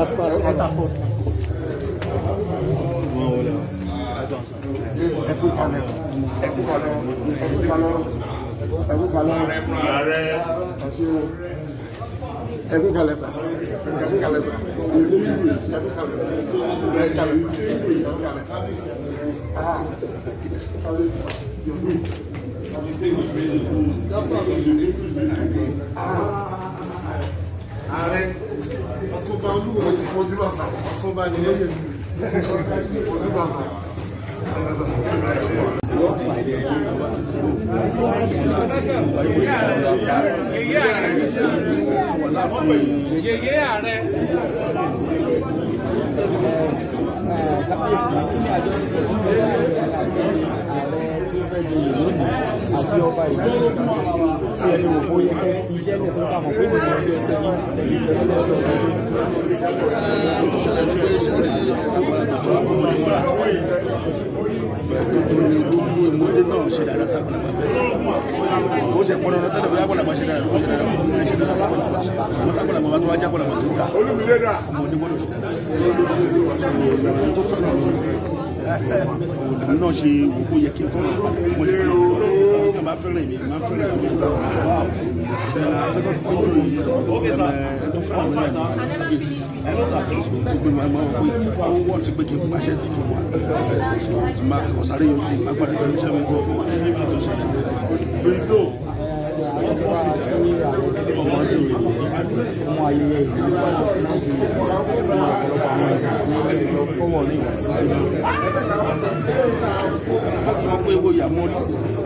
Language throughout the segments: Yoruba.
passe, passe. É da força. Não, olha. É pro calor. É pro calor. É pro calor. É pro calor. É pro calor. Ààrẹ ọtúnba olúwo ojúbà ọtúnba ni ẹ ojúbà yèyé ààrẹ kábíyèsí kí ni àjọṣepọ̀ tó ń bẹ̀rẹ̀ àti ààrẹ tí ó fẹ́ di ìlú àti ọba ìlú tí ẹni wò bó yẹ kẹ́ fi iṣẹ́ lẹ̀ tó bá mọ̀ pé nìkan ọdún ẹsẹ̀ yìí lẹ́yìn ìfẹ́ lọ́dọ̀ gbogbo ìmọ̀lẹ́ náà ṣe dára sáfún àgbàfẹ́ ó ṣe pọnà ọ̀nà tẹ́lẹ̀ bóyá pọnà àgbà ṣe dára ó ṣe dára ó ṣe dára sáfún àgbà wọ́n tápọ̀nà àgbà tó wájá pọnà àgbà tó ká ọmọ onígbọ́dọ̀ ṣe dára sí i tó fẹ́ràn ọ̀nà náà ṣe gbogbo yẹ kí n fọ́nà mo ṣe pọnà èèyàn bá fẹ́ràn èmi máa fẹ́ràn èmi bẹ́ẹ̀ náà uh, second control yìí ẹ̀ẹ́dọ́ fẹ́ràn mi náà ìgbìmọ̀ ẹ̀mọ́ òkú àwọn wọ́n ti pé kí n máa ṣe ti kí n wà tí máa kọ̀ sáré yóò fi máa gbàdúrà ní sẹ́mi fún ọmọ ẹ̀sìn ìgbà tó ṣe. Bírísò ọmọdé rẹ̀ fún ayẹyẹ ìlú Nàìjíríà fún ọ̀pọ̀lọpọ̀ àwọn ẹ̀ka sí ọwọ́ ní ìwà sí ìlú. Fọ́kì wọn pé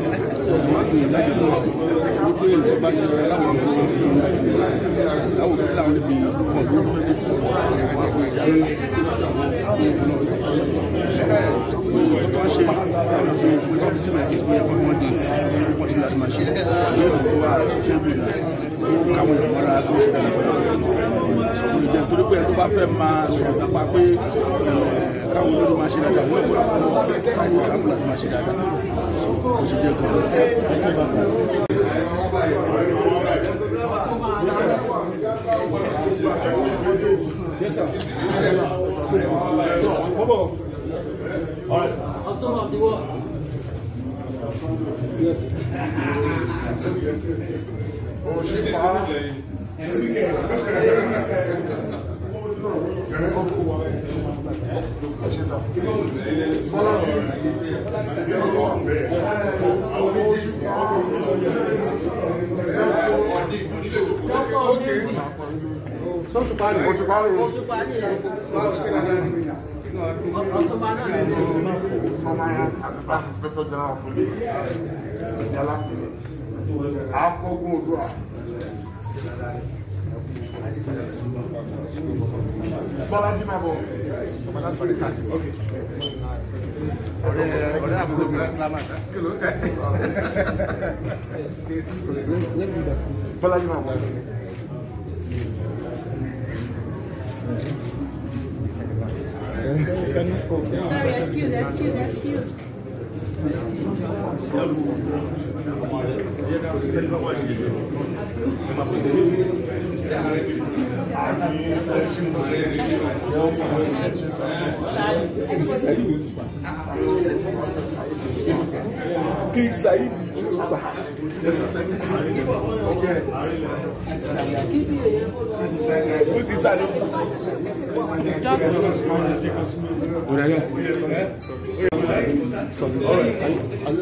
láti ìdájọ́ tó wà wípé ilẹ̀ bá ti rẹ láwọn ọmọ tó fi láwọn òbí láwọn fi pọ̀ tó wà fún ìjà ńlá ìwọ̀n tó ń ṣe láwọn tó ń ìjẹ́ torí pé ẹ̀ bá fẹ́ máa sọ̀rọ̀ nípa pé káwọn olórí máa ṣe dáadáa wọ́n ẹ̀kọ́ àwọn sáìtì ìṣàkóso láti máa ṣe dáadáa so ó ṣe jẹ́ kó ẹ ṣe bá fún All right. I'll tell you what. Yeah. Sọ́tù parí. Oṣù parí. Oṣù parí rẹ̀. Ọ̀tún máa náà nínú ọmọ ya àgbà pẹ́tọ́ Sorry, that's cute. That's cute. That's cute. Kí Saheed Sorry. All right.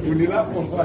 Vous n'êtes là pour quoi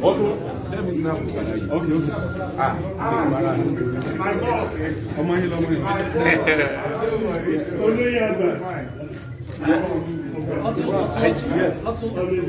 Outro let me snap with alaye. okay okay ah ah mara ọmọ yín lọmọ yín. olóyè àgbà. Thank you.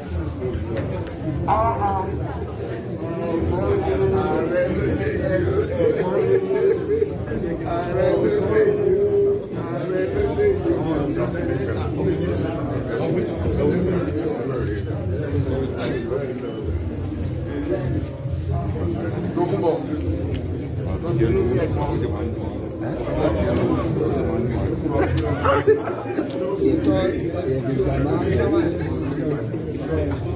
you. Gracias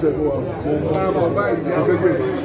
ìfẹ́ fún wa. Káàbọ̀ báyìí ní afẹ́gbẹ́.